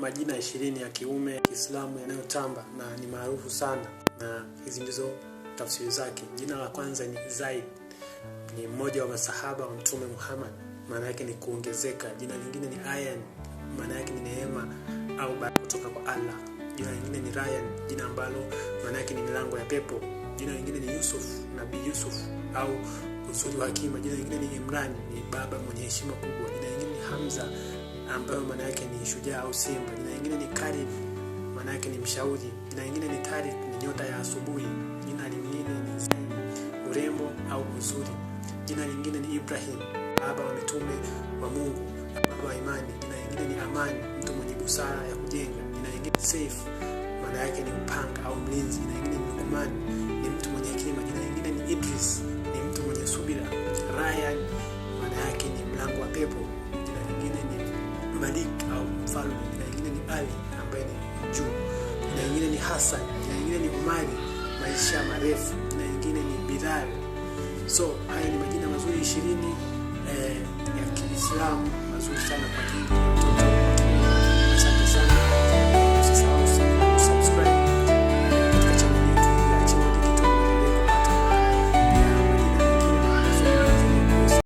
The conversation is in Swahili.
majina ishirini ya kiume ya Kiislamu yanayotamba na ni maarufu sana, na hizi ndizo tafsiri zake. Jina la kwanza ni Zaid, ni mmoja wa masahaba wa Mtume Muhammad, maana yake ni kuongezeka. Jina lingine ni Ayan, maana yake ni neema au baraka kutoka kwa Allah. Jina lingine ni Ryan, jina ambalo maana yake ni milango ya pepo. Jina lingine ni Yusuf, Nabii Yusuf au usuli wa hakima Jina lingine ni Imran, ni baba mwenye heshima kubwa. Jina lingine ni Hamza ambayo maana yake ni shujaa au simba. Jina lingine ni Karib, maana yake ni mshauri. Jina lingine ni Tarik, ni nyota ya asubuhi. Jina lingine ni urembo au uzuri. Jina lingine ni Ibrahim, baba wa mitume wa Mungu, baba wa imani. Jina lingine ni Amani, mtu mwenye busara ya kujenga. Jina lingine Saif, maana yake ni upanga au mlinzi. Jina lingine ni Lukman, ni mtu mwenye hekima. Jina lingine ni Idris, ni mtu mwenye subira. Ryan, maana yake ni mlango wa pepo. Malik au mfalme, na lingine ni Ali ambaye ni juu, na lingine ni Hassan, na lingine ni Umari, maisha marefu, na lingine ni Bilal. So haya ni majina mazuri ishirini eh, ya Kiislamu mazuri sana kwa ajili